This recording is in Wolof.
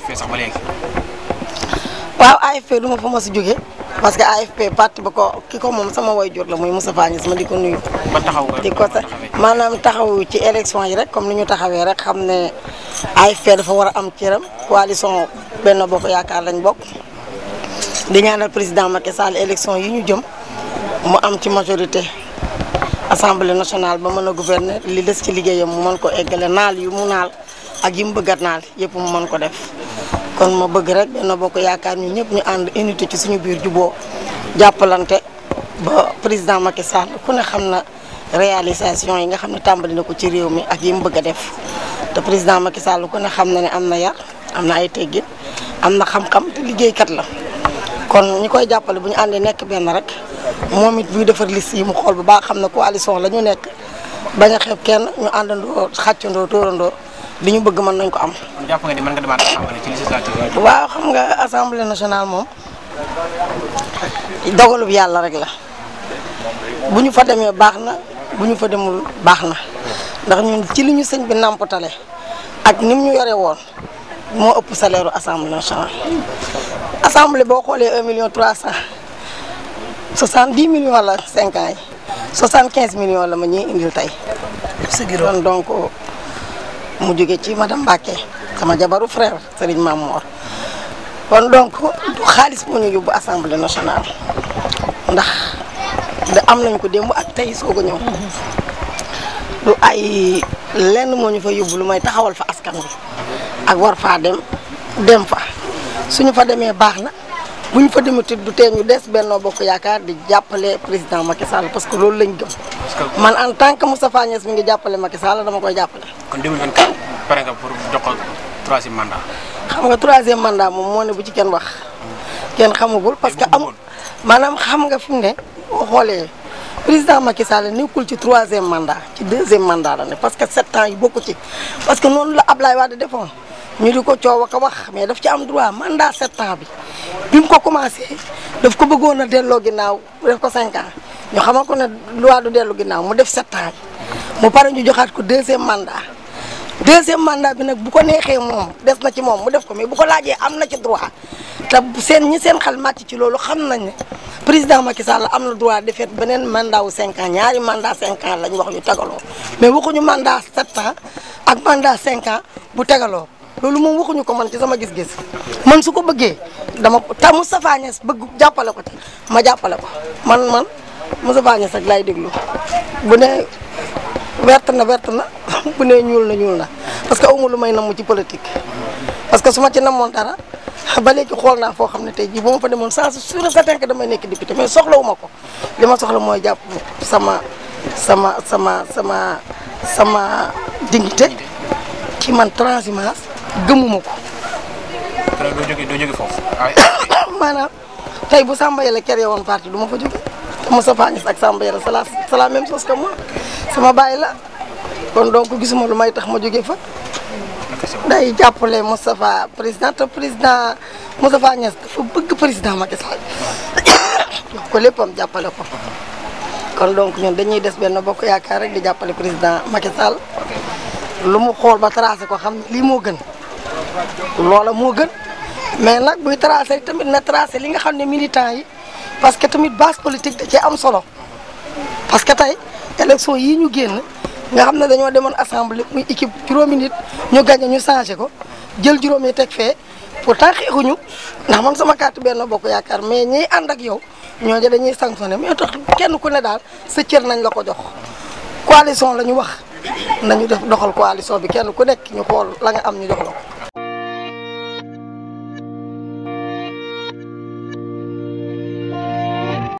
AFP sax ba léegi. waaw AFP du ma fa mos a jógee parce que AFP parti ba ko ki ko moom sama woy jur la muy Moussa Fagnès ma di ko nuyu. taxaw di ko sa maanaam taxaw ci élection yi rek comme ni ñu taxawee rek xam ne AFP dafa war a am cëram coalition Benno Bokk Yaakaar lañ bokk. di ñaanal président Macky Sall élection yi ñu jëm mu am ci majorité assemblée nationale ba mën a gouverner li des ci liggéeyam mu man ko eggale naal yu mu naal ak yi mu bëggat naal yëpp mu mën ko def. kon ma bëgg rek Benno Bokk Yaakaar ñu ñëpp ñu ànd unité ci suñu biir juboo jàppalante ba président Macky Sall ku ne xam na réalisation yi nga xam ne tàmbali na ko ci réew mi ak yi mu bëgg a def te président Macky Sall ku ne xam na ne am na yar am na ay teggin am na xam-xam te liggéeykat la kon ñu koy jàppale bu ñu àndee nekk benn rek moom it buy defar liste yi mu xool bu baax xam ne coalition la ñu nekk bañ a xeeb kenn ñu àndandoo xàccandoo tóorandoo li ñu bëgg mën nañ ko am. kon jàpp nga ni mën nga demaat assemblée waaw xam nga assemblée nationale moom dogalub yàlla rek la bu ñu fa demee baax na bu ñu fa demul baax na ndax ñu ci li ñu sëñ bi nàmpatale ak ni mu ñu yore woon moo ëpp salaire u assemblée nationale. assemblée boo xoolee 1 million 300 70 millions la 5 ans yi quinze millions la ma ñuy indil tey. kon donc. mu jóge ci madame Mbacke sama jabaru frère Serigne Mamour kon donc xaalis moo ñu yóbbu assemblée nationale ndax da am nañ ko démb ak tey soog a ñëw du ay lenn moo ñu fa yóbbu lu may taxawal fa askan bi ak war faa dem dem fa suñu fa demee baax na bu ñu fa demutit du tee ñu des Benno Bokk Yaakaar di jàppale président Macky Sall parce que loolu lañ gëm. man en tant que Moustapha Niass mi ngi jàppale Macky Sall dama koy jàppale. kon 2024 pare nga pour jox ko troisième mandat. xam nga troisième mandat moom moo ne bu ci kenn wax. kenn xamagul parce que am maanaam xam nga fi mu ne boo xoolee président Macky Sall nekkul ci troisième mandat ci deuxième mandat la ne parce que sept ans yi bokku ci parce que noonu la Ablaye Wade defoon ñu di ko coow ak a wax mais daf ci am droit mandat sept ans bi bi mu ko commencé daf ko bëggoon a delloo ginnaaw def ko cinq ans. ñu xamal ko ne loi du dellu ginnaaw mu def sept ans mu pare ñu joxaat ko deuxième mandat deuxième mandat bi nag bu ko neexee moom des na ci moom mu def ko mais bu ko laajee am na ci droit te seen ñu seen xel màcc ci loolu xam nañ ne président Macky Sall am na droit defet beneen mandat wu cinq ans ñaari mandat cinq ans lañ wax yu tegaloo mais waxuñu mandaa sept ans ak mandat cinq ans bu tegaloo loolu moom waxuñu ko man ci sama gis-gis man su ko bëggee dama ta Moustapha Niass bëgg jàppale ko ma jàppale ko man man Moustapha Niasse rek laay déglu bu ne wert na wert na bu nee ñuul na ñuul na parce que awma lu may namm ci politique parce que su ma ci namoon dara ba léegi xool naa foo xam ne tey jii bu ma fa saa su sur certain damay nekk député mais soxlawuma ko li ma soxla mooy jàpp sama sama sama sama sama dignité man transhumance gëmuma ko. doo jóge doo jóge foofu. maanaam tey bu Samba Yàlla créé woon parti du ma fa jóge Moustapha Niass ak Samba Yara c'est la c'est la même chose sama bàyyi la kon donc gisuma lu may tax ma jóge fa day jàppale Moustapha président te président Moustapha Niass dafa bëgg président Macky Sall jox ko jàppale ko kon donc ñun dañuy des benn bokk yaakaar rek di jàppale président Macky Sall lu mu xool ba tracé ko xam lii moo gën loola moo gën mais nag buy tracé tamit na tracé li nga xam ne militant yi parce que tamit base politique da ci am solo parce que tey élection yii ñu génn nga xam ne dañoo demoon assemblée muy équipe juróomi nit ñu gagné ñu changé ko jël juróomi teg fee pourtant xeexuñu ndax man sama carte benn bokk yaakaar mais ñiy ànd ak yow ñooñu dañuy sanctionné mais tax kenn ku ne daal sa cër nañ la ko jox coalition la ñu wax nañu def doxal coalition bi kenn ku nekk ñu xool la nga am ñu jox la